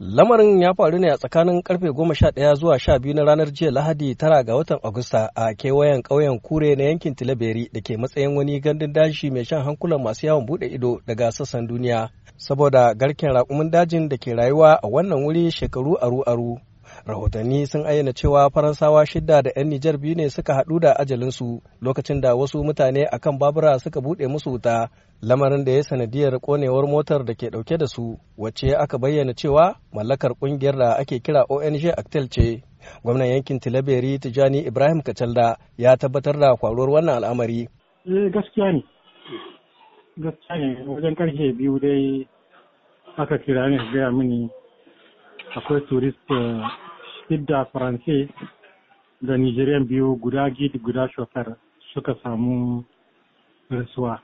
Lamarin ya faru ne a tsakanin karfe 11 zuwa sha biyu na ranar jiya Lahadi tara ga watan Agusta a kewayen ƙauyen Kure na yankin Tilaberi da ke matsayin wani gandun daji mai shan hankulan masu yawon bude ido daga sassan duniya saboda garken raƙumin dajin da ke rayuwa a wannan wuri shekaru aru-aru. rahotanni sun ayyana cewa faransawa shidda da 'yan nijar biyu ne suka haɗu da ajalinsu lokacin da wasu mutane akan babura suka buɗe musu wuta lamarin da ya sanadiyar konewar motar da ke ɗauke da su wacce aka bayyana cewa mallakar ƙungiyar da ake kira ong actel ce gwamnan yankin tilaberi tijani ibrahim kacalda ya tabbatar da kwaruwar wannan al'amari eh, gaskiya ne wajen ƙarshe biyu dai aka kira ne gaya mini akwai turist eh, da faranse da nigerian biyu guda gidi guda shofar suka samu rasuwa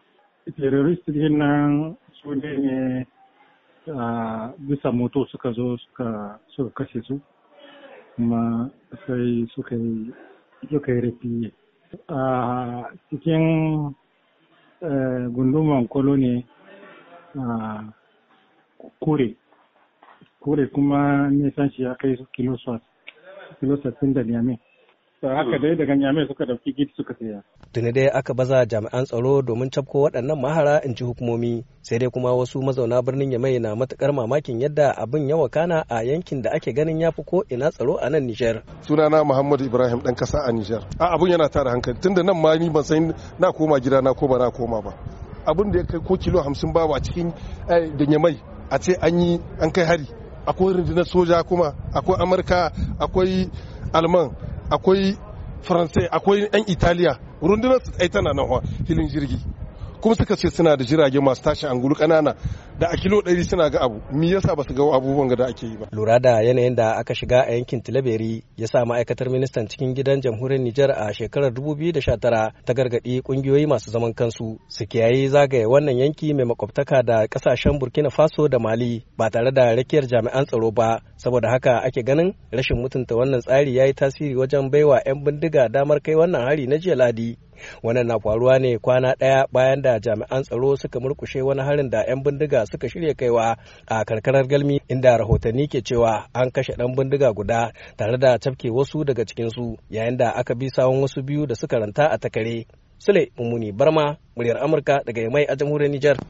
terrorist din nan su ne eh, bisa moto suka zo suka kashe su ma sai suka yi rafiye a cikin eh, gunduman kolo ne ah, kure kore kuma nisan shi ya kai su kiloswat da niamey da haka hmm. dai daga nyame suka dauki gid suka saya. Tuni dai aka baza jami'an tsaro domin cafko waɗannan mahara in ji hukumomi sai dai kuma wasu mazauna birnin Yamai na matukar mamakin yadda abin ya wakana a yankin da ake ganin ya fi ko ina tsaro a nan Nijar. Sunana Muhammadu Ibrahim ɗan ƙasa a Nijar. A abun yana tara hankali tunda nan ma ni ban san na koma gida na koma na koma ba. Abun da ya kai ko kilo hamsin babu a cikin eh, da Yamai a ce an yi an kai hari. akwai rundunar soja kuma akwai amurka akwai alman akwai faransai akwai yan italiya rundunar su tana nan filin jirgi kuma suka ce suna da jirage masu tashi angulu kanana da a kilo ɗari suna ga abu me yasa ba su ga abubuwan da ake yi ba lura da yanayin da aka shiga a yankin tilaberi ya sa ma'aikatar ministan cikin gidan jamhuriyar nijar a shekarar dubu biyu da 2019 ta gargaɗi ƙungiyoyi masu zaman kansu su kiyaye zagaye wannan yanki mai makwabtaka da ƙasashen burkina faso da mali ba tare da rakiyar jami'an tsaro ba saboda haka ake ganin rashin mutunta wannan tsari ya yi tasiri wajen baiwa 'yan bindiga damar kai wannan hari na jiya ladi wannan na faruwa ne kwana ɗaya bayan da jami'an tsaro suka murkushe wani harin da 'yan bindiga suka shirya kaiwa a karkarar galmi inda rahotanni ke cewa an kashe dan bindiga guda tare da tafke wasu daga cikinsu yayin da aka bi sawon wasu biyu da suka ranta a takare sule mummuni barma muryar amurka daga yamai a jamhuriyar nijar